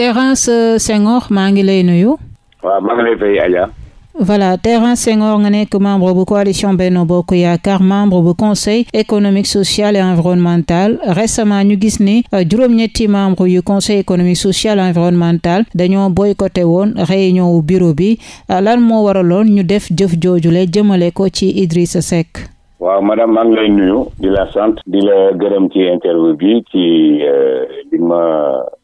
Thérence Senghor maa ngi lay nuyu. waaw maa ngi lay fay Adja. voilà Thérence Senghor nga nekk membre bu coalition Benno Bokk Yaakaar membre bu conseil économique social et environnemental récemment ñu gis ni euh, juróom-ñetti membre yu conseil économique social environnemental dañoo boycotté woon réunion wu bureau bi euh, lan moo waraloon ñu def jëf jooju jëmale ko ci Idrissa Seck. waaw madame maa ngi lay nuyu di la sant di la gërëm ci interview bi ci euh, li ma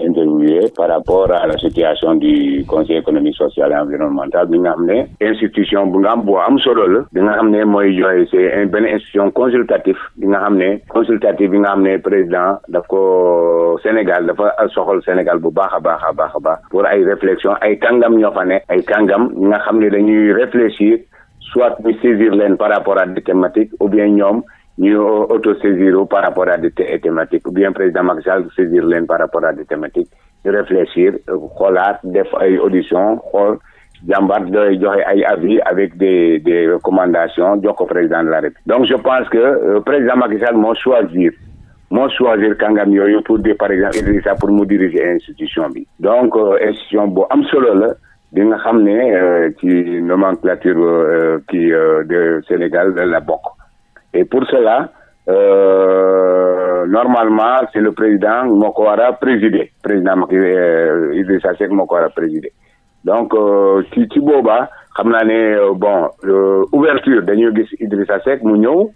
interview par rapport à la situation du conseil économique social et environnemental bi nga xam ne institution bu nga am boo am solo la bi nga xam ne mooy joxe c'est benn institution consultative bi nga xam ne consultative bi nga xam ne président daf ko Sénégal dafa soxol Sénégal bu baax a baax a baax a baax pour ay réflexion ay kàngam ñoo fa ne ay kàngam ñi nga xam ne dañuy réfléchir soit ñu saisir leen par rapport à des thématiques ou bien ñoom ñu autosaisir par rapport à des thématiques ou bien président Macky Sall saisir leen par rapport a des thématiques ñu réfléchir xoolaat def ay audition xool jàmbaat joxe ay avis avec des des recommandations jox ko président de la République donc je pense que euh, président Macky Sall moo choisir moo choisir kàngam yooyu pour di par exemple Idrissa pour mo diriger institution bi donc euh, institution bu am solo la bi nga xam ne euh, ci nomenclature kii de Sénégal la bokk Et pour cela, euh, normalement, c'est le président Mokora présidé. Président euh, Idrissa Seck Mokora présidé. Donc, euh, ci ci boobaa xam naa ne euh, bon euh, ouverture dañuy gis Idrissa Seck mu ñëw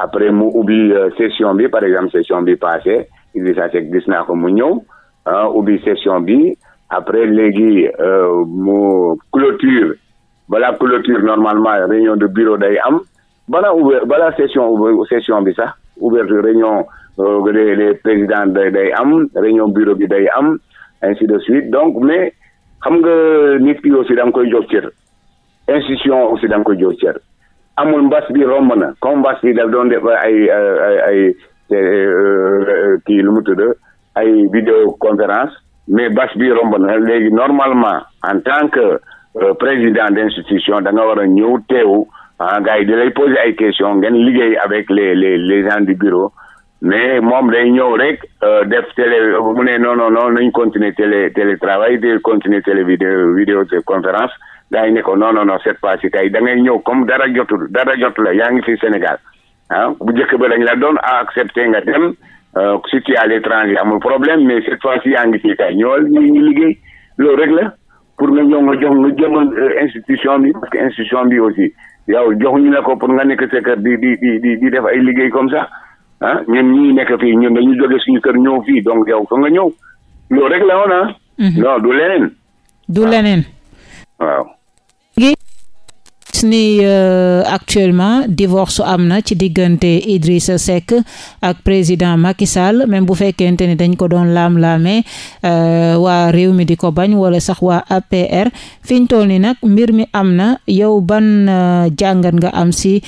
après mu ubbi session bi par exemple session bi passée Idrissa Seck gis naa ko mu ñëw ubbi session bi après léegi mu clôture balaa clôture normalement réunion de bureau day am. balaa ouvert balaa session session bi sax ouverture réunion les euh, les présidents day am réunion bureau bi day am ainsi de suite donc mais xam nga nit ki aussi da koy jox cër institution aussi da nga koy jox cër amul mbas bi romb na comme mbas bi daf doon def ay ay ay euh, lu mu tudd ay vidéo conférence mais bas bi romb na léegi normalement en tant que euh, président d' institution da nga war a ñëw teew. ah gars yi di lay poser ay questions ngeen liggéey avec les les les gens du bureau mais moom day ñëw rek euh, def télé mu ne non non non nañ continuer télé télétravail continuer télé vidéo vidéo de conférence gars yi ne ko non non non cette fois-ci kay da ngay ñëw comme dara jotul dara jotu la yaa ngi fi Sénégal ah bu njëkk ba dañ la doon accepté nga dem euh, si tu es à l'étranger amul problème mais cette fois-ci yaa ngi fi kay ñëwal ñu ñu liggéey loolu rek la pour nga ñëw nga jox nga jëmal euh, institution bi parce que institution bi aussi. yow ñu la ko pour nga nekk sa kër di di di di def ay liggéey comme ça ah ñun ñii nekk fii ñun dañu jóge suñu kër ñëw fii donc yow fa nga ñëw loolu rek la woon ah. Mhm. non du leneen. du leneen. waaw. gis ni euh, actuellement divorce am na ci diggante Idrissa Seck ak président Macky Sall même bu fekkente ni dañ ko doon laam-laamee euh, waa réew mi di ko bañ wala sax waa APR fi ñu ni nag mbir mi am na yow ban euh, jàngat nga am si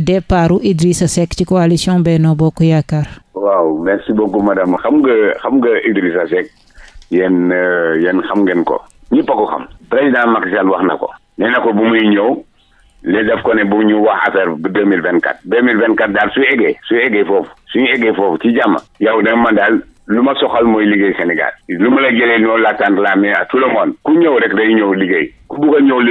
départu Idrissa Seck ci coalition Benno Bokk Yaakaar waaw merci bokk madame xam nga xam nga Idrissa Seck xam ngeen ko ñëpp a xam président Macky wax na ko nee ko bu muy ñëw li def ko ne bu ñu wax affaire bu deux mille vingt quatre deux mille vingt quatre daal su eggee su eggee foofu suñu eggee foofu ci jàmm yow da man daal lu ma soxal mooy liggéey Sénégal lu ma la jëlee noonu l'attente la mais à tout le monde ku ñëw rek day ñëw liggéey ku bugg a ñëw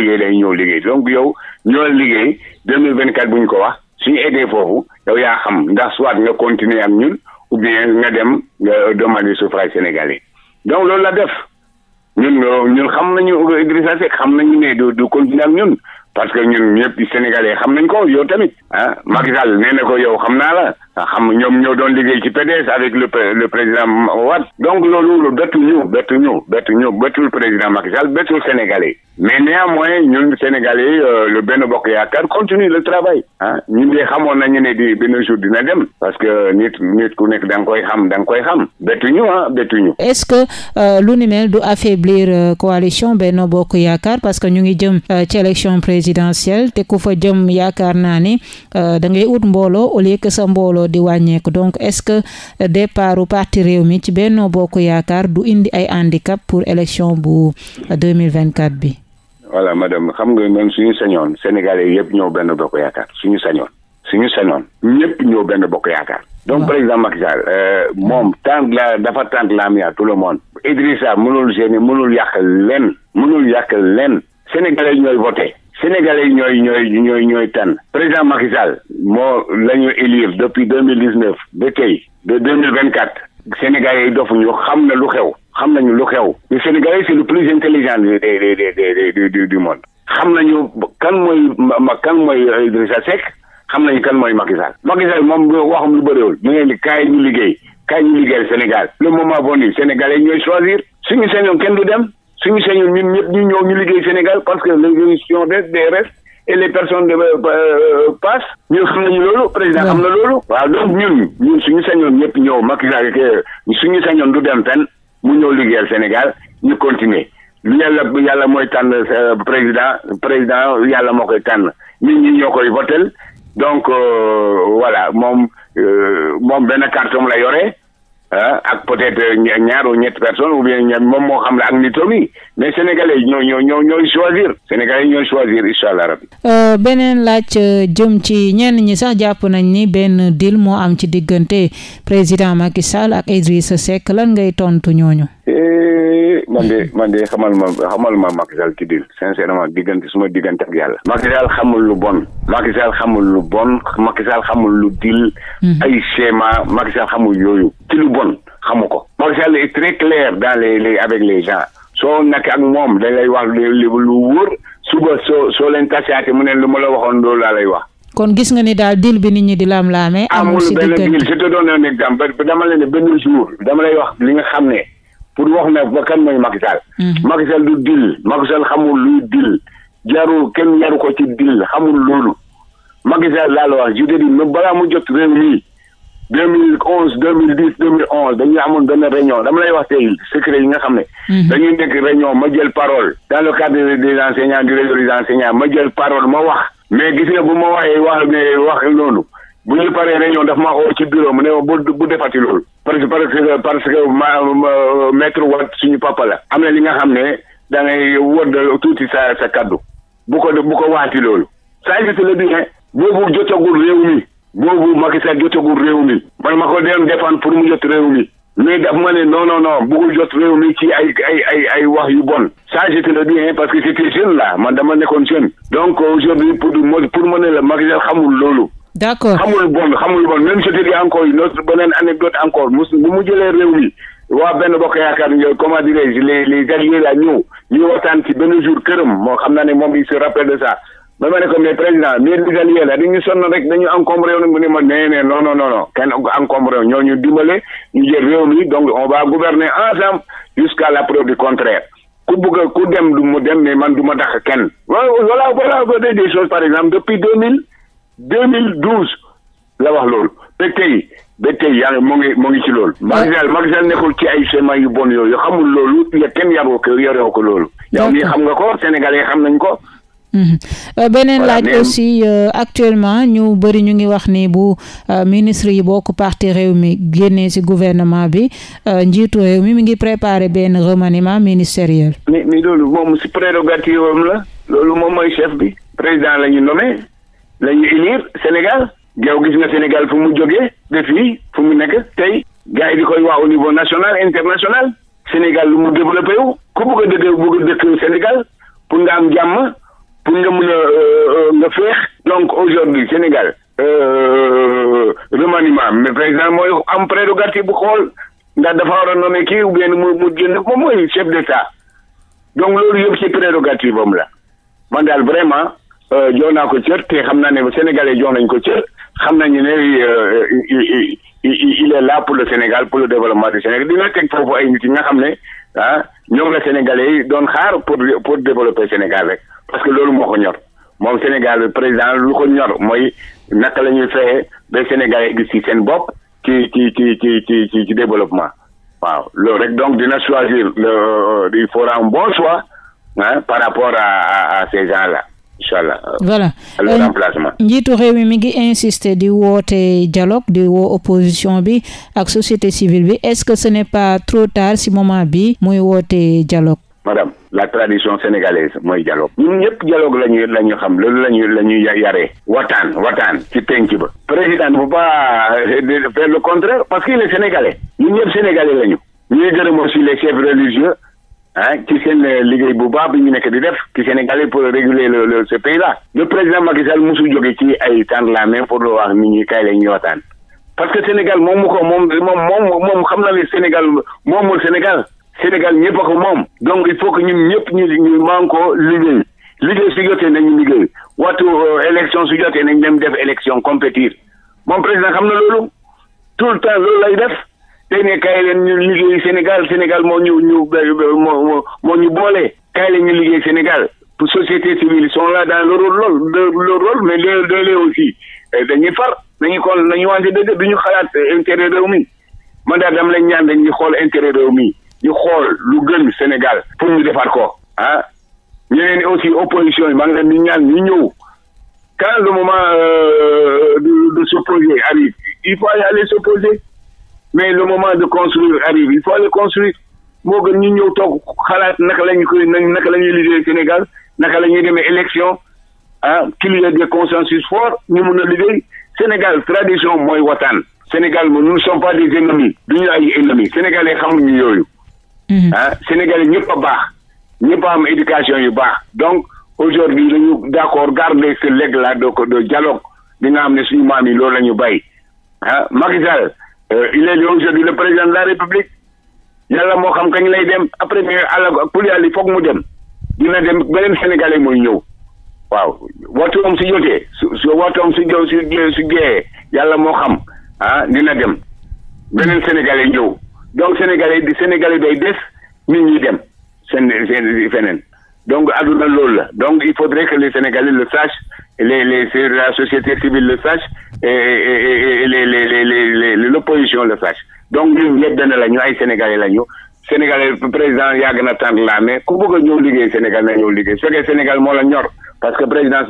donc yow ñoo liggéey deux mille vingt quatre bu ñu ko wax suñu eggee foofu yow yaa xam ndax soit nga continuer ak ñun ou bien nga dem nga demander suffrage sénégalais donc loolu la parce que ñun ñëpp sénégalais xam nañ ko yow tamit ah Macky Sall nee na ko yow xam naa la xam ñoom ñoo doon liggéey ci PDS avec le le président Wade donc loolu bettu ñu bettu ñu bettu ñu bettul président Macky Sall bettul sénégalais mais néanmoins ñun Sénégalais euh, le benn bokk yaakaar continue le travail ah ñun de xamoon nañu ne di benn jour dina dem parce que nit ku nekk da koy xam da koy xam bettuñu ah est-ce que euh, lu ni mel du affaiblir euh, benn bokk yaakaar parce que ñu ngi jëm euh, ci élection présidentielle te ku fa jëm yaakaar naa ni euh, da ngay ut mbooloo au lieu que sa mbooloo di wàññeeku donc est-ce que euh, départ u parti mi ci benn bokk yaakaar du indi ay handicap pour élection bu 2024 bi. voilà madame xam nga même suñu sañoon sénégalais yëpp ñëw benn bokk yaakaar suñu sañoon suñu sañoon ñëpp ñëw benn bokk yaakaar. donc ah. président Macky Sall euh, moom tant la dafa tant la mia tout le monde. Idrissa mënul génne mënul yàq leen mënul yàq leen sénégalais ñooy voté. sénégalais ñooy ñooy ñooy ñooy tànn président Macky Sall moo la ñu élire depuis deux mille dix neuf ba tey de deux mille vingt quatre Sénégalais yi dofuñu xam na lu xew xam nañu lu xew le Sénégalais c'est le plus intelligent du du du du monde xam nañu kan mooy kan mooy Idrissa Seck xam nañu kan mooy Macky Sall Macky Sall moom waxam lu bëriwul mu ngeen di kaay ñu liggéey kaay ñu liggéeyal Sénégal le moment venu Sénégalais ñooy choisir suñu sañoon kenn du dem suñu sañoon ñun ñëpp ñu ñëw ñu liggéey Sénégal parce que les émissions des des restes et les personnes euh, euh, passent ñun xam nañu loolu président xam na loolu waaw donc ñun ñun suñu sañoon ñëpp ñëw Macky Sall suñu sañoon du dem fenn mu ñëw liggéeyal Sénégal ñu continuer lu yàlla yàlla mooy tànn euh, président président yàlla moo koy tànn nit ñu ñoo koy votel donc voilà moom moom benn carton la yore ah ak peut-être euh, ñaar ou ñetti personnes ou bien moom moo xam la ak nitam yi mais sénégalais ñoo ñoo ñoo ñooy choisir sénégalais ñooy choisir incha allah rabbi. Euh, beneen laaj euh, jëm ci ñenn ñi sax jàpp nañ ni benn deal moo am ci diggante président Macky Sall ak Idrissa Seck lan ngay tontu ñooñu. Eh, man de man de xamal ma xamal ma Macky Sall ci dil sincèrement diggante suma diggante ak yàlla. Macky Sall xamul lu bon. Macky Sall xamul lu bon Macky Sall xamul lu dil. Mhm. ay schéma Macky Sall xamul yooyu. ci lu bon xamu ko. Macky Sall est très clair dans les les avec les gens. soo nekk ak moom dañ wax lu wóor suba soo soo leen tasaate mu ne lu ma la waxoon loolu laa lay wax. kon gis nga ni daal dil bi nit ñi di laam amul benn dil je te donne dama leen ne benn jour dama lay wax li nga xam ne. pour wax na ba kan mooy Macky Sall. Mhm. Macky Sall du dil Macky Sall xamul luy dil jarul kenn yaru ko ci dil xamul loolu Macky Sall laa la wax je te balaa mu jot réew mi deux mille onze deux mille dix deux mille onze dañuy amoon benn réunion dama lay wax tey secret yi nga xam ne. Mhm. dañuy nekk réunion ma jël parole. dans le cadre des enseignants du réseau des enseignants ma jël parole ma wax. mais gis nga bu ma waxee wax ne wax noonu. bu ñu paree réunion daf maa oo ci bureau mu ne bu bu defati loolu. parce que parce que parce que ma maître wat suñu papa la. am na li nga xam ne da ngay wóor tuuti sa sa kaddu. bu ko bu ko waati loolu. ça existe le bien. boobu jotagul réew mi. boobu Macky Sall jotagul réew mi. man ma ko doon défendre pour mu jot réew mi. mais ma ne non non non bëggul jot réew mi ci ay ay ay ay wax yu bon. ça j'étais le bien parce que c'était jeune là man dama nekkoon jeune. donc aujourd'hui pour pour ma ne la Macky xamul loolu. d' accord xamul bon xamul bon même je te dis encore une autre beneen anecdote encore mu bu mu jëlee réew mi waa benn bokk yaakaar euh, comment dirais-je les les alliés la ñëw ñu waxtaan ci benn jour këram moo xam naa ne moom il se de ça ba ma ko mais président mais les alliés la dañu sonn rek dañu encombré réew mu ne ma nee nee non non non kenn encombré réew ñu dimbale ñu jël réew mi donc on va gouverner ensemble jusqu'à la preuve du contraire ku bëgg ku dem du man ma dàq kenn voilà voilà des deux mille douze la wax loolu ba tey ba tey yaa ngi mu ngi mu ngi ci loolu. Macky Sall Macky Sall nekkul ci ay semence yu bon yooyu xamul loolu ya kenn yaroo ko yoroo loolu. yow mii xam nga ko sénégalais xam nañ ko. Mhm. Euh, beneen laaj aussi euh, actuellement ñu bëri ñu ngi wax ni bu euh, ministre yi bokk parti réew mi génnee ci gouvernement bi njiitu réew mi mi ngi préparer benn remaniement ministériel. mais mais loolu moom ci prérogative am la. loolu moom mooy chef bi. président la ñu la ñu unir Sénégal yow gis nga Sénégal fu mu jógee ba fii fu mu nekk tey gars yi di koy wax au niveau national international Sénégal lu mu développé wu ku bëgg a dëgg bëgg a dëkk Sénégal pour nga am jàmm pour nga mun a euh, euh, nga féex donc aujourd'hui Sénégal euh, remaniement mais président mooy am prérogative bu xool ndax dafa war a nommer kii ou bien mu mu jënd moom mooy chef d'état donc loolu yëpp ci prérogative am la man daal Euh, jox naa ko cër te xam naa ne Sénégalais jox nañ ko cër xam nañu ne euh, il est là pour le Sénégal pour le développement du Sénégal dina teg foofu ay nit yi nga xam ne ah ñoom la Sénégalais yi doon xaar pour pour développer Sénégal rek parce que loolu moo ko ñor moom Sénégal président lu ko ñor mooy naka la ñuy fexe ba Sénégalais gis ci seen bopp ci ci ci ci ci ci développement waaw loolu rek donc dina choisir le euh, il faudra un bon choix ah par rapport à à à ces gens là. incha allah voilà le euh, remplacement njiitu réew mi mi ngi insister di woote dialogue di woo opposition bi ak société civile bi est-ce que ce n'est pas trop tard si moment bi muy woote dialogue madame la tradition sénégalaise mooy dialogue ñun ñëpp dialogue la ñu la ñu xam loolu la ñu la ñu yaree waxtaan waxtaan ci penc ba président bu pas euh, faire le contraire parce qu'il est sénégalais ñun ñëpp sénégalais la ñu ñuy gërëm aussi les chefs religieux ah ci seen euh, liggéey bu baax bi ñu nekk di def ci Sénégal yi pour réguler le le ce pays là le président Macky Sall ay tànn la même pour wax nit ñi kay lañ ñu waxtaan parce que Sénégal moom mu ko moom moom moom xam na ne Sénégal moomul Sénégal Sénégal ñëpp a ko moom donc il faut que ñun ñëpp ñu ñu man ko liggéey liggéey su jotee nañu liggéey waxtu euh, élection su jotee nañ dem def élection compétir moom président xam na loolu tout le temps la lay def. tey ne kaay leen ñu liggéey Sénégal Sénégal moo ñu ñu moo moo ñu boole kaay leen ñu liggéey Sénégal société civile sont là dans leur rôle leur rôle mais leur délai aussi eh, dañuy far nañu xool nañu wante dëgg du ñu xalaat intérêt réew mi man daal dama leen ñaan dañuy xool intérêt réew mi ñu xool lu gën Sénégal pour ñu defar ko ah ñeneen aussi opposition yi maa ngi leen di ñaan ñu ñëw quand le moment euh, de de s'opposer arrive il faut aller s'opposer mais le moment de construire arrive il faut aller construire moo gën ñu ñëw toog xalaat naka la ñu na naka lañuy ñuy liggéey Sénégal naka la ñuy demee élection ah qu'il y ait consensus forts ñu mun na liggéey Sénégal tradition mooy wataan Sénégal moom nous ne sommes pas des ennemis du ñu ay ennemis sénégalais xamuñu yooyu. Mhm. ah sénégalais ñëpp a baax ñëpp a am éducation yu baax donc aujourd'hui lañu d'accord garder ce legs là de de dialogue bi nga xam ne suñu maam yi loolu la ñu bay ah Macky Euh, il est aujourd'hui le président de la république yàlla moo xam kañ lay dem après mais àll pour yàlla foog mu dem dina dem beneen sénégalais mooy ñëw waaw waxtu am su jotee su su waxtu am su jow su su jeexee yàlla moo xam ah dina dem beneen sénégalais ñëw donc sénégalais di sénégalais day des nit ñi dem seen seen feneen donc àdduna loolu la donc il faudrait que les sénégalais le sachent les les la société civile le sage et, et, et les les les les l'opposition le sache donc ñun ñëpp benn la ñu ay sénégalais la ñu sénégalais président yàgg na tànn la mais ku bëgg a ñëw liggéey Sénégal na ñëw liggéey su fekkee Sénégal moo la ñor parce que président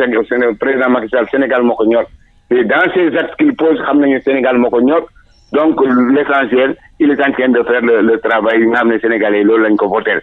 président Macky Sall Sénégal moo ko ñor et dans ces actes qu'il pose xam nañu Sénégal moo ko ñor donc l'essentiel il est en train de faire le le travail yi nga xam ne sénégalais loolu lañ ko voté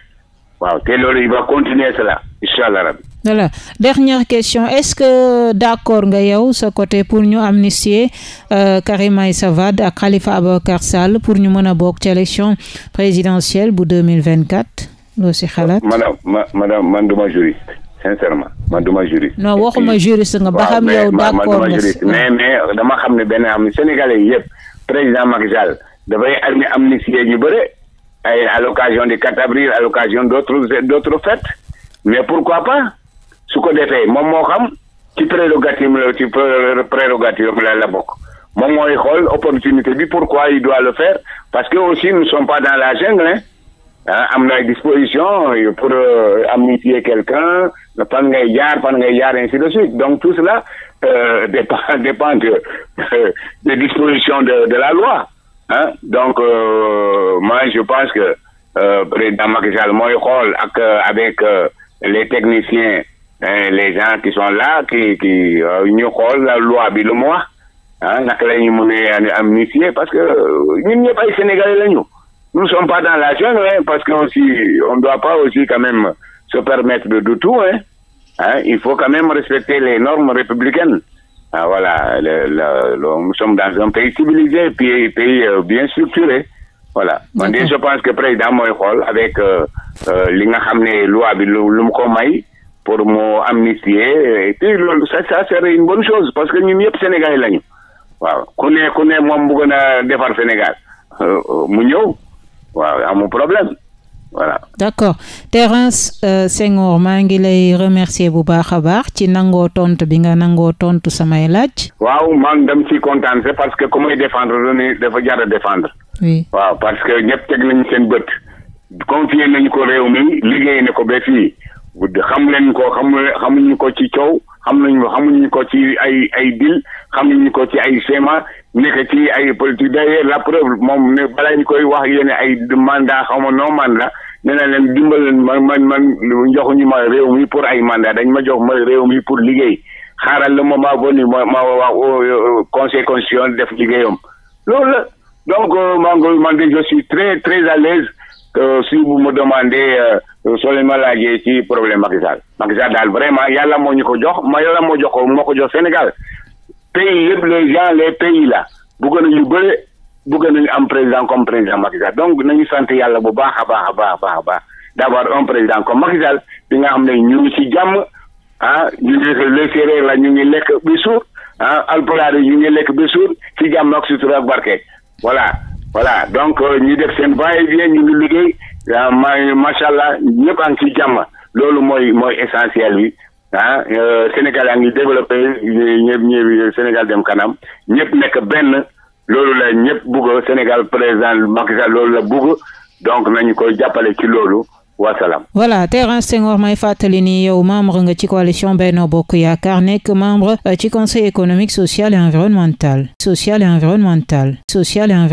waaw te loolu il va continuer cela incha allah rabbi voilà dernière question est-ce que d'accord nga yow sa côté pour ñu amnistier euh, Karim Meïssa Wade ak Khalifa Ababacar Sall pour ñu mën a bokk ci élection présidentielle bu 2024 loo si xalaat madame ma madame man duma juriste sincèrement man duma juriste non waxuma juriste nga ba xam yow d'accord nga mais mais dama xam ne benn am sénégalais yëpp président Macky Sall dafay ami amnistier ñu bëre ay l'occasion du 4 avril à l'occasion d'autres d'autres mais pourquoi pas su ko defee moom moo xam ci prérogative la ci prérogative la la bokk moom mooy xool opportunité bi pourquoi il doit le faire parce que aussi nous ne sommes pas dans la jungle ah am na disposition pour euh, amnistier quelqu'un fan ngay jaar fan ngay jaar ainsi de suite donc tout cela euh, dépend dépend de des dispositions de de la loi ah donc euh, moi je pense que euh, président Macky Sall mooy xool ak euh, avec euh, les techniciens Eh, les gens qui sont là qui qui euh, ñu xool la loi bi lu mu wax ah naka la ñuy mën a amnistier parce la ñu nous sommes pas dans la zone hein, parce que aussi on doit pas aussi quand même se permettre de, de tout il faut quand même respecter les normes républicaines ah, voilà le, le, le, nous dans un pays civilisé puis pays euh, bien structuré voilà man de je pense que président mooy xool avec euh, euh, li nga xam ne loi bi lu mu ko pour mu amnistier et puis loolu ça ça serait une bonne chose parce que ñun ñëpp Sénégalais lañu waaw ku ne ku ne moom bëgg na defar Sénégal euh, mu ñëw waaw amul problème. voilà d'accord Thérence euh, maa ngi lay remercier bu baax a baax ci nangoo tontu bi nga nangoo tontu samay laaj. waaw man dem ci kontaan parce que ku may dafa jar a défendre. oui waaw parce que ñëpp teg nañu seen bët. confier nañu ko réew mi liggéey na ko ba fii guddi xam leen ko xam xamuñu ko ci coow xam nañu xamuñu ko ci ay ay dil xamuñu ko ci ay schéma nekk ci ay politique d'ailleurs la preuve moom ne balaa ñu koy wax yéen ay mandat xaw ma non mandat nee na leen dimbaleen man man man ñu ma réew mi pour ay manda dañ ma jox ma réew mi pour liggéey xaaral le moment venu ma ma wax euh, conseil yoon def liggéeyam loolu la donc euh, man man de je suis très très à l'aise euh, si vous me demandez soo leen ma ci problème Macky Sall daal vraiment yàlla moo ñu ko jox ma yàlla moo jox ko moo ko jox Sénégal pays yëpp les gens les pays là bëgg nañu bëre bëgg nañu am président comme président Macky Sall donc nañu sant yàlla bu baax a baax a baax a baax d'avoir un président comme Macky Sall bi nga xam ne ñu ngi ci jàmm ah ñu ngi les la ñu ngi lekk bi suur ah alpulaar yi ñu ngi lekk bi suur ci jàmm ak sutura ak barke voilà voilà donc euh, ñu def seen va et vient waaw maa macha allah ñëpp a ci jàmm loolu mooy mooy essentiel bi ah euh, Sénégal a ngi développé ñëpp ñëpp Sénégal dem kanam ñëpp nekk benn loolu la ñëpp bugg Sénégal président Macky Sall loolu la bugg donc nañu koy jàppale ci loolu. wasalaam. voilà Thérence Senghor may fàttali ni yow membre nga ci coalition Benno Bokk Yaakaar nekk membre euh, ci conseil économique social et environnemental social et environnemental social et